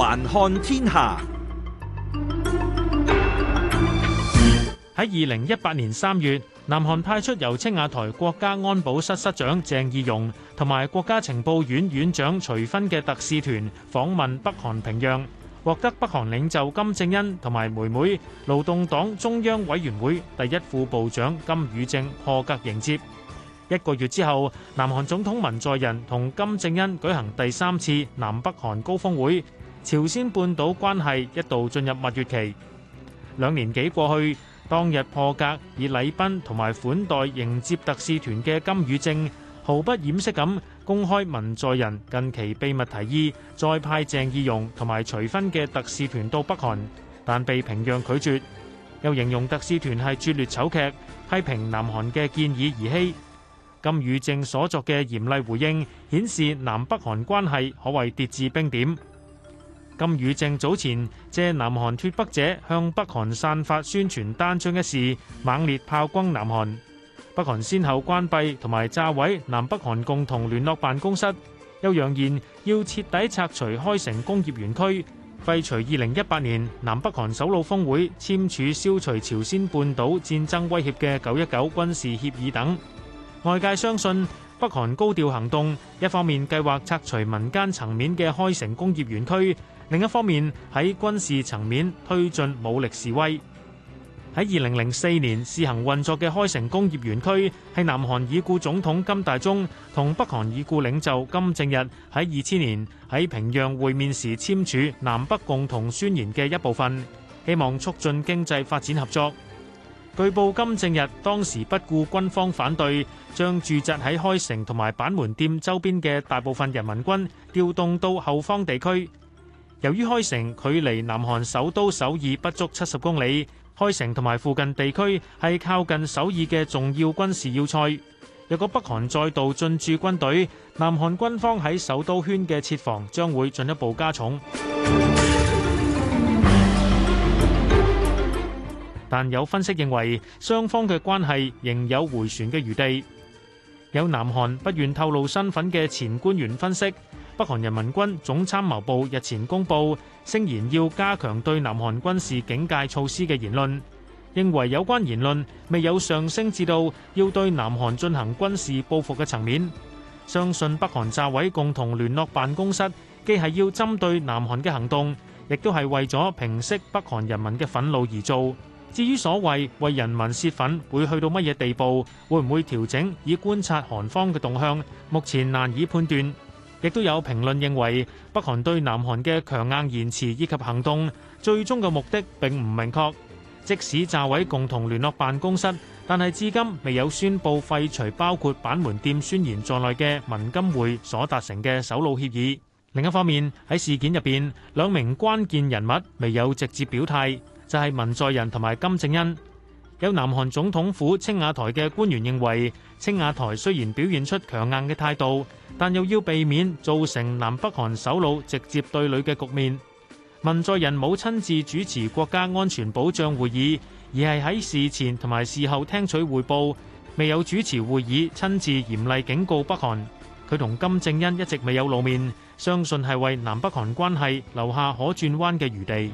環看天下。喺二零一八年三月，南韓派出由青瓦台國家安保室室長鄭義溶同埋國家情報院院長徐薰嘅特使團訪問北韓平壤，獲得北韓領袖金正恩同埋妹妹勞動黨中央委員會第一副部長金與正破格迎接。一個月之後，南韓總統文在寅同金正恩舉行第三次南北韓高峰會。朝鮮半島關係一度進入蜜月期，兩年幾過去，當日破格以禮賓同埋款待迎接特使團嘅金與正毫不掩飾咁公開文在寅近期秘密提議再派鄭義溶同埋徐薰嘅特使團到北韓，但被平壤拒絕，又形容特使團係拙劣醜劇，批評南韓嘅建議兒戲。金與正所作嘅嚴厲回應，顯示南北韓關係可謂跌至冰點。金宇正早前借南韓脫北者向北韓散發宣傳單張一事，猛烈炮轟南韓。北韓先後關閉同埋炸毀南北韓共同聯絡辦公室，又揚言要徹底拆除開城工業園區，廢除二零一八年南北韓首腦峰會簽署消除朝鮮半島戰爭威脅嘅九一九軍事協議等。外界相信。北韓高調行動，一方面計劃拆除民間層面嘅開城工業園區，另一方面喺軍事層面推進武力示威。喺二零零四年試行運作嘅開城工業園區，係南韓已故總統金大中同北韓已故領袖金正日喺二千年喺平壤會面時簽署南北共同宣言嘅一部分，希望促進經濟發展合作。據報金正日當時不顧軍方反對，將駐紮喺開城同埋板門店周邊嘅大部分人民軍調動到後方地區。由於開城距離南韓首都首爾不足七十公里，開城同埋附近地區係靠近首爾嘅重要軍事要塞。若果北韓再度進駐軍隊，南韓軍方喺首都圈嘅設防將會進一步加重。但有分析認為，雙方嘅關係仍有迴旋嘅餘地。有南韓不願透露身份嘅前官員分析，北韓人民軍總參謀部日前公布，聲言要加強對南韓軍事警戒措施嘅言論，認為有關言論未有上升至到要對南韓進行軍事報復嘅層面。相信北韓炸毀共同聯絡辦公室，既係要針對南韓嘅行動，亦都係為咗平息北韓人民嘅憤怒而做。至於所謂為人民泄憤，會去到乜嘢地步，會唔會調整以觀察韓方嘅動向，目前難以判斷。亦都有評論認為，北韓對南韓嘅強硬言辭以及行動，最終嘅目的並唔明確。即使炸毀共同聯絡辦公室，但係至今未有宣佈廢除包括板門店宣言在內嘅文金會所達成嘅首腦協議。另一方面，喺事件入邊，兩名關鍵人物未有直接表態。就係文在寅同埋金正恩，有南韓總統府青瓦台嘅官員認為，青瓦台雖然表現出強硬嘅態度，但又要避免造成南北韓首腦直接對壘嘅局面。文在寅冇親自主持國家安全保障會議，而係喺事前同埋事後聽取彙報，未有主持會議親自嚴厲警告北韓。佢同金正恩一直未有露面，相信係為南北韓關係留下可轉彎嘅餘地。